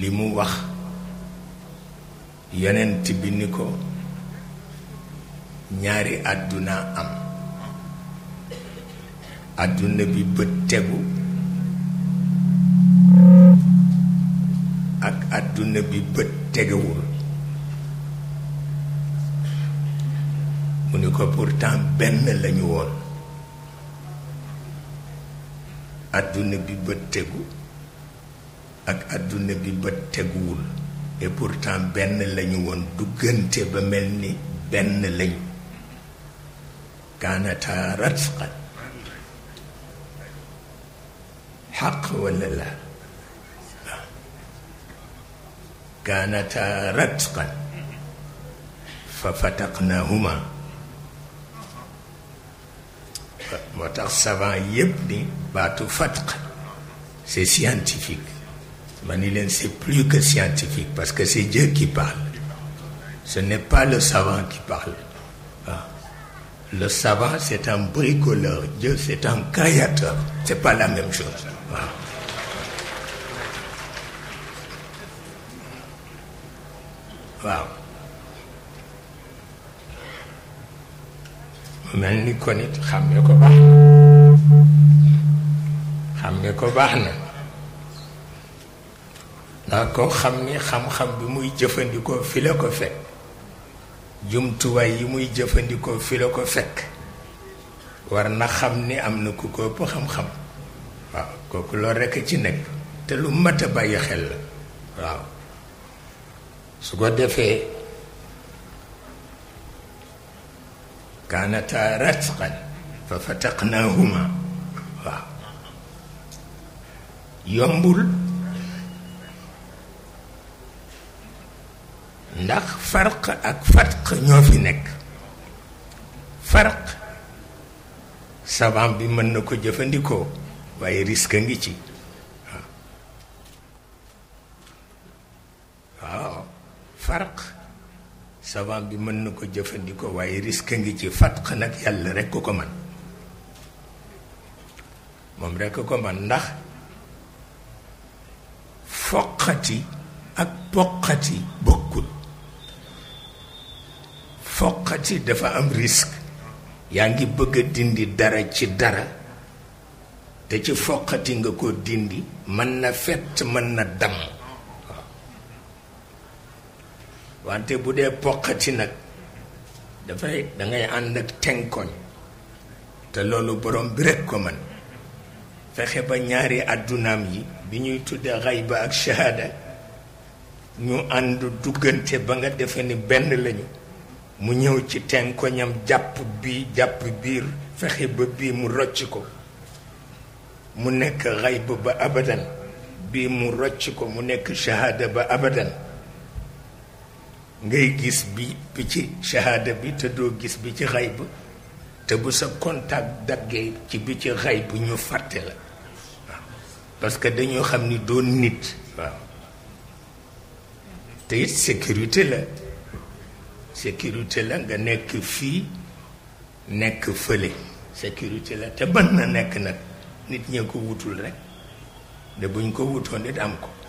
li mu wax yeneen bi ni ko ñaari àdduna am àdduna bi bët tegu ak àdduna bi bët tegewul mu ni ko pourtant benn lañu woon àdduna bi bët tegu ak àdduna bi ba teguwul et pourtant benn lañu woon duggante ba mel ni benn lañu kaanataa ratqan xaq walla laa kaanataa ratqan fa fataqnaahuma moo tax savant yépp ni baatu fatq c'est scientifique ma ni leen c'est plus que scientifique parce que c'est Dieu qui parle ce n'est pas le savant qui parle ah. le savant c'est un bricoleur Dieu c'est un créateur c'est pas la même chose waaw ah. waaw mel ni ko nit xam nga ko baax xam nga ko baax na waa koo xam ni xam-xam bi muy jëfandikoo fi la ko fekk jumtuwaay yi muy jëfandikoo fi la ko fekk war na xam ni am na ku ko ëpp xam-xam waaw kooku loolu rekk ci nekk te lu mat a bàyyi xel la waaw su ko defee kaanataa ratqan fa fataqnaahuma waaw yombul ndax farq ak fatq ñoo fi nekk farq savant bi mën na ko jëfandikoo waaye risque ngi ci waaw farq bi mën na ko jëfandikoo waaye risque ngi ci fatq nag yàlla rekk ko man moom rekk ko man ndax foqati ak poqati bokkul foqati dafa am risque yaa ngi bëgg dindi dara ci dara te ci foqati nga ko dindi mën na fett mën na damm wante bu dee poqati nag dafay dangay ànd ak tenkoñ te loolu borom bi rekk ko man fexe ba ñaari àddunaam yi bi ñuy tuddee xayba ak shahada ñu ànd duggante ba nga defe ni benn lañu mu ñëw ci tenkoñam jàpp bii jàpp biir fexe ba bii mu rocc ko mu nekk xayb ba abadan bii mu rocc ko mu nekk shahada ba abadan ngay gis bi bi ci shahada bi te doo gis bi ci xayb te bu sa contact daggee ci bi ci xayb ñu fàtte la parce que dañoo xam ni doon nit waaw te it sécurité la sécurité la nga nekk fii nekk fële sécurité la te ban na nekk nag nit ñee ko wutul rekk de buñ ko wutoon it am ko